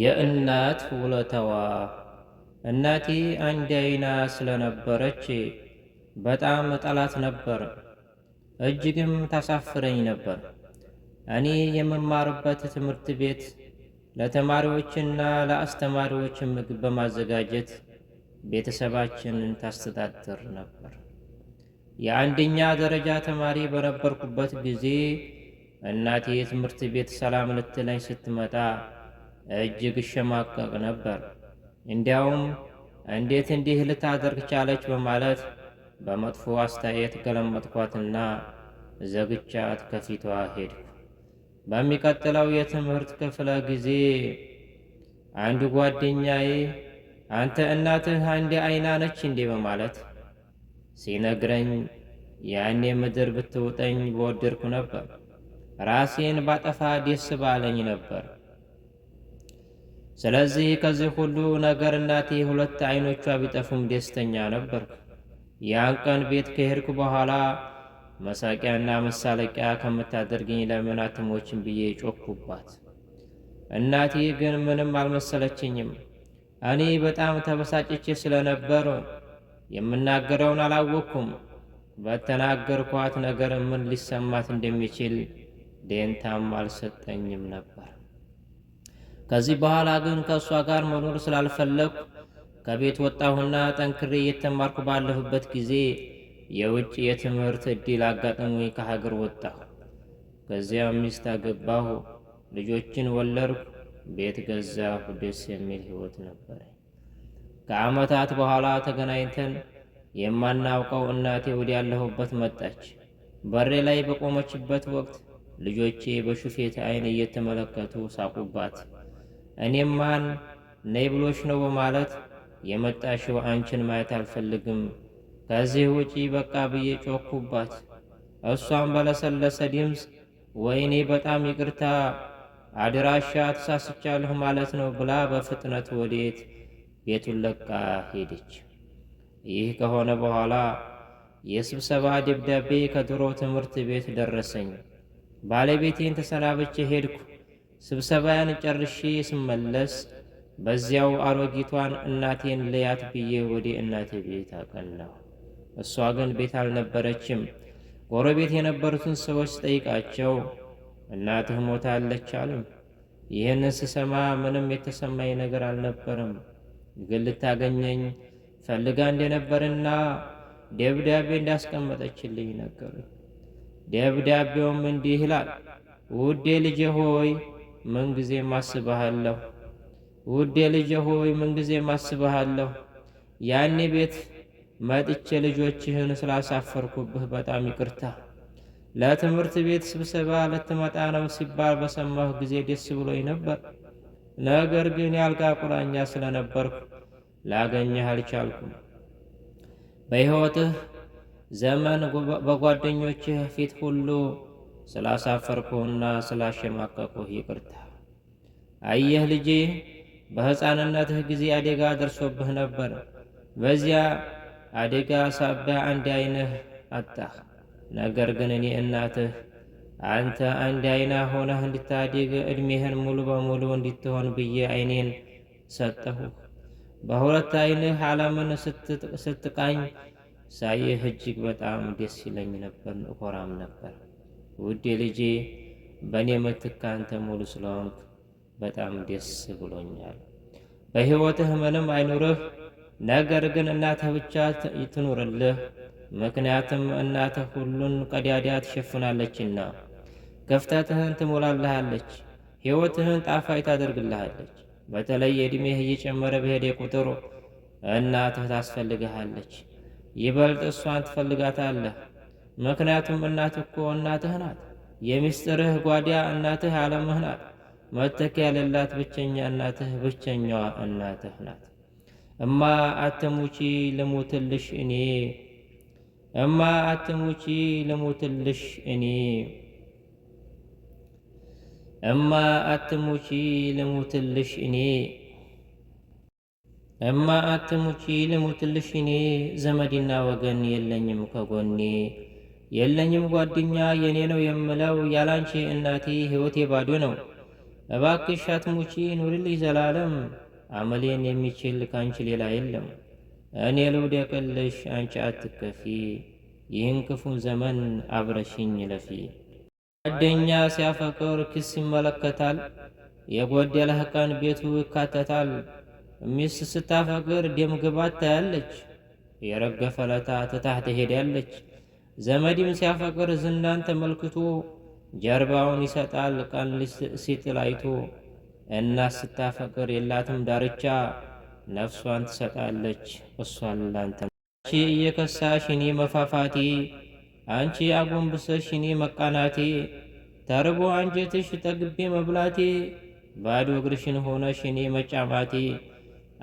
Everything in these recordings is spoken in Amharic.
የእናት ውለታዋ እናቴ አንድ አይና ስለነበረች በጣም ጠላት ነበር። እጅግም ታሳፍረኝ ነበር። እኔ የምማርበት ትምህርት ቤት ለተማሪዎችና ለአስተማሪዎች ምግብ በማዘጋጀት ቤተሰባችንን ታስተዳድር ነበር። የአንደኛ ደረጃ ተማሪ በነበርኩበት ጊዜ እናቴ የትምህርት ቤት ሰላም ልትለኝ ስትመጣ እጅግ እሸማቀቅ ነበር። እንዲያውም እንዴት እንዲህ ልታደርግ ቻለች በማለት በመጥፎ አስተያየት ገለመጥኳትና ዘግቻት ከፊቷ ሄድኩ። በሚቀጥለው የትምህርት ክፍለ ጊዜ አንድ ጓደኛዬ አንተ እናትህ አንድ አይና ነች እንዴ በማለት ሲነግረኝ ያኔ ምድር ብትውጠኝ በወደድኩ ነበር። ራሴን ባጠፋ ደስ ባለኝ ነበር። ስለዚህ ከዚህ ሁሉ ነገር እናቴ ሁለት ዓይኖቿ ቢጠፉም ደስተኛ ነበርኩ። ያን ቀን ቤት ከሄድኩ በኋላ መሳቂያና መሳለቂያ ከምታደርግኝ ለምን አትሞችን ብዬ ጮኩባት። እናቴ ግን ምንም አልመሰለችኝም። እኔ በጣም ተበሳጭቼ ስለነበር የምናገረውን አላወቅኩም። በተናገርኳት ነገር ምን ሊሰማት እንደሚችል ደንታም አልሰጠኝም ነበር። ከዚህ በኋላ ግን ከእሷ ጋር መኖር ስላልፈለግኩ ከቤት ወጣሁና ጠንክሬ እየተማርኩ ባለሁበት ጊዜ የውጭ የትምህርት ዕድል አጋጥሞኝ ከሀገር ወጣሁ። ከዚያ ሚስት አገባሁ፣ ልጆችን ወለድኩ፣ ቤት ገዛሁ። ደስ የሚል ሕይወት ነበረ። ከዓመታት በኋላ ተገናኝተን የማናውቀው እናቴ ወደ ያለሁበት መጣች። በሬ ላይ በቆመችበት ወቅት ልጆቼ በሹፌት ዓይን እየተመለከቱ ሳቁባት። እኔም ማን ነይ ብሎሽ ነው በማለት የመጣሽው አንቺን ማየት አልፈልግም ከዚህ ውጪ በቃ ብዬ ጮኩባት። እሷም በለሰለሰ ድምፅ ወይኔ በጣም ይቅርታ አድራሻ ተሳስቻለሁ ማለት ነው ብላ በፍጥነት ወዴት ቤቱን ለቃ ሄደች። ይህ ከሆነ በኋላ የስብሰባ ደብዳቤ ከድሮ ትምህርት ቤት ደረሰኝ። ባለቤቴን ተሰናብቼ ሄድኩ። ስብሰባያን ጨርሼ ስመለስ በዚያው አሮጊቷን እናቴን ልያት ብዬ ወደ እናቴ ቤት አቀናሁ። እሷ ግን ቤት አልነበረችም። ጎረቤት የነበሩትን ሰዎች ስጠይቃቸው እናትህ ሞታለች አሉም። ይህንን ስሰማ ምንም የተሰማኝ ነገር አልነበረም። ግን ልታገኘኝ ፈልጋ እንደነበርና ደብዳቤ እንዳስቀመጠችልኝ ነገሩ። ደብዳቤውም እንዲህ ይላል፦ ውዴ ልጄ ሆይ ምንጊዜም አስብሃለሁ። ውዴ ልጄ ሆይ ምንጊዜ አስብሃለሁ። ያኔ ቤት መጥቼ ልጆችህን ስላሳፈርኩብህ በጣም ይቅርታ። ለትምህርት ቤት ስብሰባ ልትመጣ ነው ሲባል በሰማሁ ጊዜ ደስ ብሎኝ ነበር። ነገር ግን ያልጋ ቁራኛ ስለነበርኩ ላገኘህ አልቻልኩም። በሕይወትህ ዘመን በጓደኞችህ ፊት ሁሉ ስላሳፈርኩህና ስላሸማቀቁህ ይቅርታ። አየህ ልጄ፣ በሕፃንነትህ ጊዜ አደጋ ደርሶብህ ነበር። በዚያ አደጋ ሳቢያ አንድ ዓይንህ አጣህ። ነገር ግን እኔ እናትህ አንተ አንድ ዓይና ሆነህ እንድታድግ ዕድሜህን ሙሉ በሙሉ እንድትሆን ብዬ ዓይኔን ሰጠሁህ። በሁለት ዓይንህ ዓለምን ስትቃኝ ሳይህ እጅግ በጣም ደስ ይለኝ ነበር፣ እኮራም ነበር። ውዴ ልጄ በእኔ ምትክ አንተ ሙሉ ስለሆንክ በጣም ደስ ብሎኛል። በሕይወትህ ምንም አይኑርህ፣ ነገር ግን እናትህ ብቻ ትኑርልህ። ምክንያቱም እናትህ ሁሉን ቀዳዳ ትሸፍናለችና ክፍተትህን ትሞላልሃለች፣ ሕይወትህን ጣፋጭ ታደርግልሃለች። በተለይ ዕድሜህ እየጨመረ በሄደ ቁጥር እናትህ ታስፈልግሃለች። ይበልጥ እሷን ትፈልጋታለህ። ምክንያቱም እናትህ እኮ እናትህ ናት። የሚስጥርህ ጓዳ እናትህ ዓለምህ ናት። መተኪያ የሌላት ብቸኛ እናትህ ብቸኛዋ እናትህ ናት። እማ አትሙቺ ልሙትልሽ እኔ እማ አትሙቺ ልሙትልሽ እኔ እማ አትሙቺ ልሙትልሽ እኔ እማ አትሙቺ ልሙትልሽ እኔ ዘመድና ወገን የለኝም ከጎኔ የለኝም ጓደኛ የኔ ነው የምለው ያላንቺ እናቴ ሕይወቴ ባዶ ነው። እባክሽ ሙቺ ኑሪልኝ ዘላለም አመሌን የሚችል ካንቺ ሌላ የለም። እኔ ልውደቅልሽ አንቺ አትከፊ ይህን ክፉን ዘመን አብረሽኝ ለፊ። ጓደኛ ሲያፈቅር ክስ ይመለከታል፣ የጎደለህ ቀን ቤቱ ይካተታል። ሚስት ስታፈቅር ደም ግባት ታያለች፣ የረገፈ ለታ ትታህ ትሄዳለች። ዘመድም ሲያፈቅር ዝናን ተመልክቶ ጀርባውን ይሰጣል ቀን ሲጥል አይቶ። እናት ስታፈቅር የላትም ዳርቻ ነፍሷን ትሰጣለች እሷን ላንተ። አንቺ እየከሳሽ እኔ መፋፋቴ፣ አንቺ አጎንብሰሽ እኔ መቃናቴ፣ ተርቦ አንጀትሽ ጠግቤ መብላቴ፣ ባዶ እግርሽን ሆነሽ እኔ መጫማቴ፣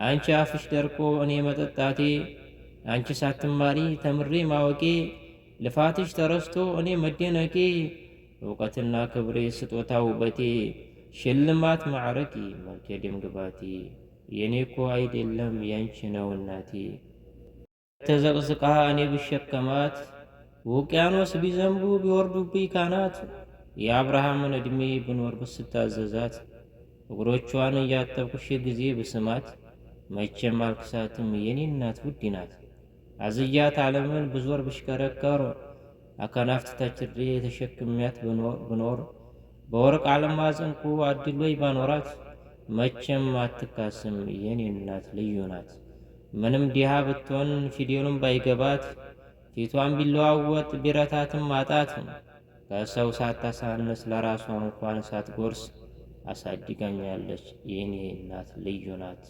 አንቺ አፍሽ ደርቆ እኔ መጠጣቴ፣ አንቺ ሳትማሪ ተምሬ ማወቄ ልፋትሽ ተረስቶ እኔ መደነቄ እውቀትና ክብሬ ስጦታ ውበቴ ሽልማት ማዕረጌ መልኬ ድምግባቴ የእኔ እኮ አይደለም ያንቺ ነው እናቴ። ተዘቅዝቃ እኔ ብሸከማት ውቅያኖስ ቢዘንቡ ቢወርዱብኝ ካናት የአብርሃምን ዕድሜ ብኖር ብስታዘዛት እግሮቿን እያጠብኩሽ ጊዜ ብስማት መቼም አልክሳትም የኔ እናት ውድ ናት። አዝያት ዓለምን ብዞር ብሽከረከሩ አከናፍት ተችሬ የተሸክሚያት ብኖር በወርቅ አልማዝ እንቁ አድሎይ ባኖራት መቼም አትካስም የኔ እናት ልዩ ናት። ምንም ዲሃ ብትሆን ፊደሉን ባይገባት ፊቷን ቢለዋወጥ ቢረታትም ማጣት ከሰው ሳታሳንስ ለራሷ እንኳን ሳትጎርስ አሳድጋኛለች የኔ እናት ልዩ ናት።